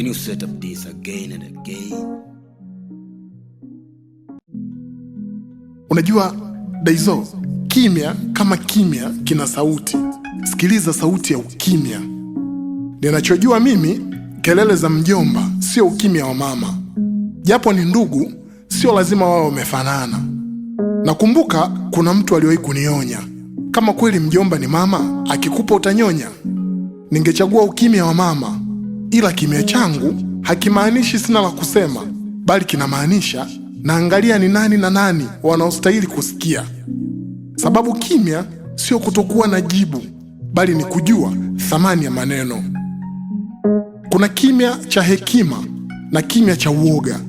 Can you set up this again and again? Unajua Daizo, kimya kama kimya kina sauti. Sikiliza sauti ya ukimya. Ninachojua mimi, kelele za mjomba sio ukimya wa mama. Japo ni ndugu, sio lazima wao wamefanana. Nakumbuka kuna mtu aliwahi kunionya, kama kweli mjomba ni mama, akikupa utanyonya. Ningechagua ukimya wa mama ila kimya changu hakimaanishi sina la kusema, bali kinamaanisha naangalia ni nani na nani wanaostahili kusikia, sababu kimya sio kutokuwa na jibu, bali ni kujua thamani ya maneno. Kuna kimya cha hekima na kimya cha uoga.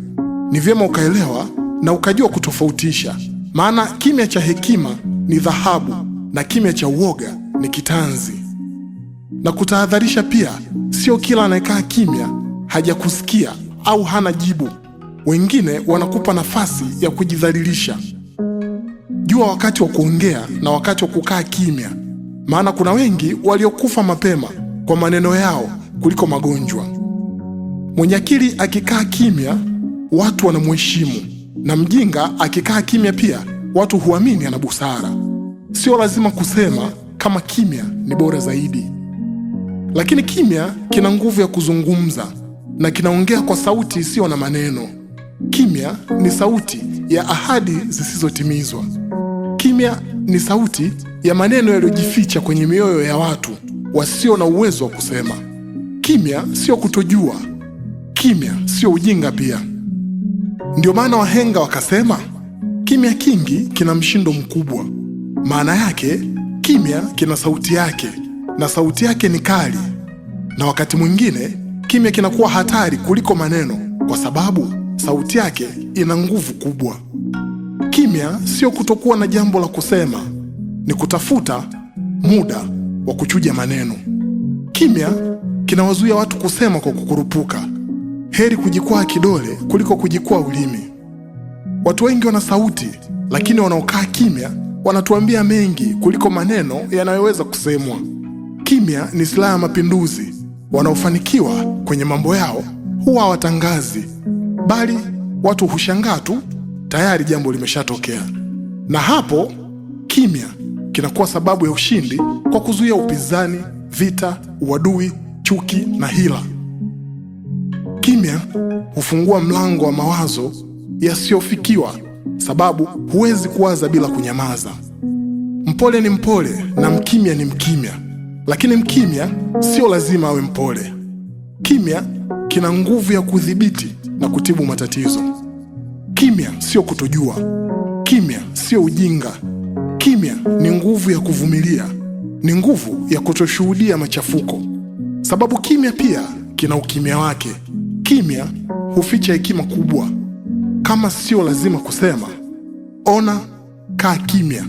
Ni vyema ukaelewa na ukajua kutofautisha, maana kimya cha hekima ni dhahabu na kimya cha uoga ni kitanzi. Na kutahadharisha pia Sio kila anayekaa kimya hajakusikia au hana jibu. Wengine wanakupa nafasi ya kujidhalilisha. Jua wakati wa kuongea na wakati wa kukaa kimya, maana kuna wengi waliokufa mapema kwa maneno yao kuliko magonjwa. Mwenye akili akikaa kimya, watu wanamheshimu, na mjinga akikaa kimya pia watu huamini ana busara. Sio lazima kusema, kama kimya ni bora zaidi. Lakini kimya kina nguvu ya kuzungumza na kinaongea kwa sauti isiyo na maneno. Kimya ni sauti ya ahadi zisizotimizwa. Kimya ni sauti ya maneno yaliyojificha kwenye mioyo ya watu wasio na uwezo wa kusema. Kimya sio kutojua, kimya sio ujinga pia. Ndio maana wahenga wakasema kimya kingi kina mshindo mkubwa. Maana yake kimya kina sauti yake na sauti yake ni kali, na wakati mwingine kimya kinakuwa hatari kuliko maneno, kwa sababu sauti yake ina nguvu kubwa. Kimya sio kutokuwa na jambo la kusema, ni kutafuta muda wa kuchuja maneno. Kimya kinawazuia watu kusema kwa kukurupuka. Heri kujikwaa kidole kuliko kujikwaa ulimi. Watu wengi wana sauti, lakini wanaokaa kimya wanatuambia mengi kuliko maneno yanayoweza kusemwa kimya ni silaha ya mapinduzi. Wanaofanikiwa kwenye mambo yao huwa watangazi bali watu hushangaa tu, tayari jambo limeshatokea. Na hapo kimya kinakuwa sababu ya ushindi kwa kuzuia upinzani, vita, uadui, chuki na hila. Kimya hufungua mlango wa mawazo yasiyofikiwa, sababu huwezi kuwaza bila kunyamaza. Mpole ni mpole na mkimya ni mkimya. Lakini mkimya sio lazima awe mpole. Kimya kina nguvu ya kudhibiti na kutibu matatizo. Kimya sio kutojua. Kimya sio ujinga. Kimya ni nguvu ya kuvumilia, ni nguvu ya kutoshuhudia machafuko, sababu kimya pia kina ukimya wake. Kimya huficha hekima kubwa. Kama sio lazima kusema, ona, kaa kimya.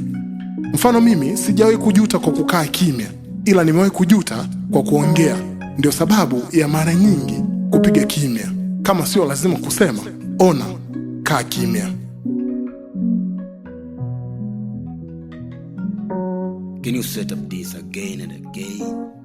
Mfano, mimi sijawahi kujuta kwa kukaa kimya ila nimewahi kujuta kwa kuongea. Ndio sababu ya mara nyingi kupiga kimya. Kama sio lazima kusema, ona, kaa kimya. Can you set up this again and again?